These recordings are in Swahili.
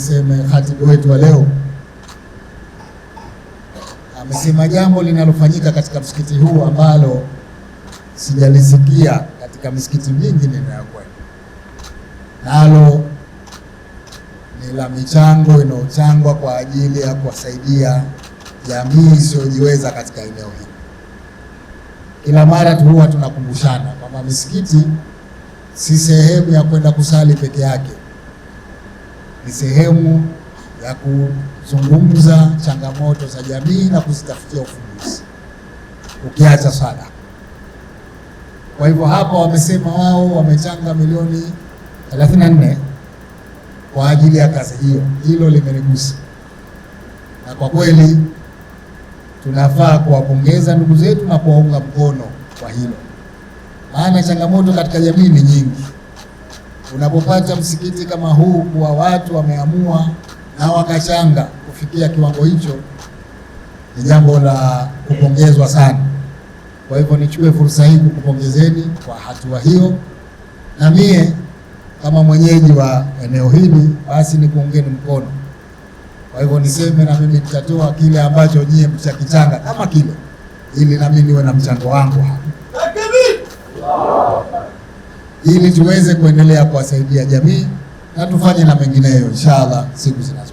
Aseme khatibu wetu wa leo amesema jambo linalofanyika katika msikiti huu ambalo sijalisikia katika misikiti mingi ninayokwenda, nalo ni la michango inayochangwa kwa ajili ya kuwasaidia jamii isiyojiweza katika eneo hili. Kila mara tu huwa tunakumbushana kwamba misikiti si sehemu ya kwenda kusali peke yake ni sehemu ya kuzungumza changamoto za jamii na kuzitafutia ufumbuzi, ukiacha swala. Kwa hivyo hapa wamesema wao wamechanga milioni 34 kwa ajili ya kazi hiyo. Hilo limenigusa na kwa kweli tunafaa kuwapongeza ndugu zetu na kuwaunga mkono kwa hilo, maana changamoto katika jamii ni nyingi. Unapopata msikiti kama huu kuwa watu wameamua na wakachanga kufikia kiwango hicho, ni jambo la kupongezwa sana. Kwa hivyo nichukue fursa hii kukupongezeni kwa hatua hiyo, na mie kama mwenyeji wa eneo hili basi nikuungeni mkono. Kwa hivyo niseme na mimi nitatoa kile ambacho nyie mchakichanga kama kile, ili nami niwe na mchango wangu hapa ili tuweze kuendelea kuwasaidia jamii na tufanye na mengineyo inshallah siku zinazo.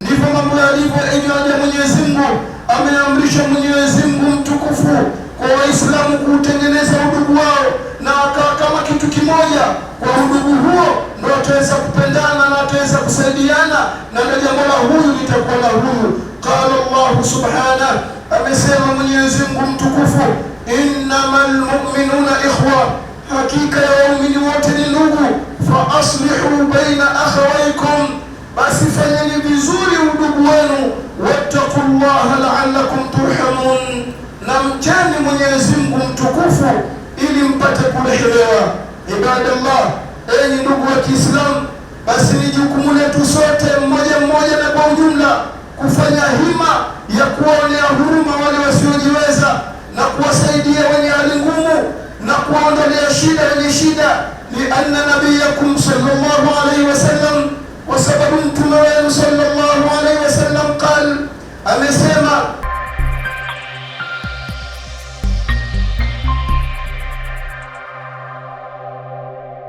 Ndivyo mambo yalivyo, enyewaja Mwenyezi Mungu ameamrisha Mwenyezi Mungu mtukufu kwa Waislamu kuutengeneza udugu wao na akawa kama kitu kimoja. Kwa udugu huo ndio ataweza kupendana na ataweza kusaidiana na na jambo la huyu litakuwa la huyu. Qala Allahu subhana amesema Mwenyezi Mungu mtukufu, innamal mu'minuna ikhwa hakika ya waumini wote ni ndugu. Fa aslihu baina akhawaikum basi fanyeni vizuri udugu wenu. llaha la'allakum turhamun, na mchani Mwenyezi Mungu mtukufu ili mpate kurehelewa. Ibadallah, enyi ndugu wa Kiislamu, basi ni jukumu letu sote mmoja mmoja na kwa ujumla kufanya hima ya kuwaonea huruma wale شدة لشدة لأن نبيكم صلى الله عليه وسلم وسبب كما صلى الله عليه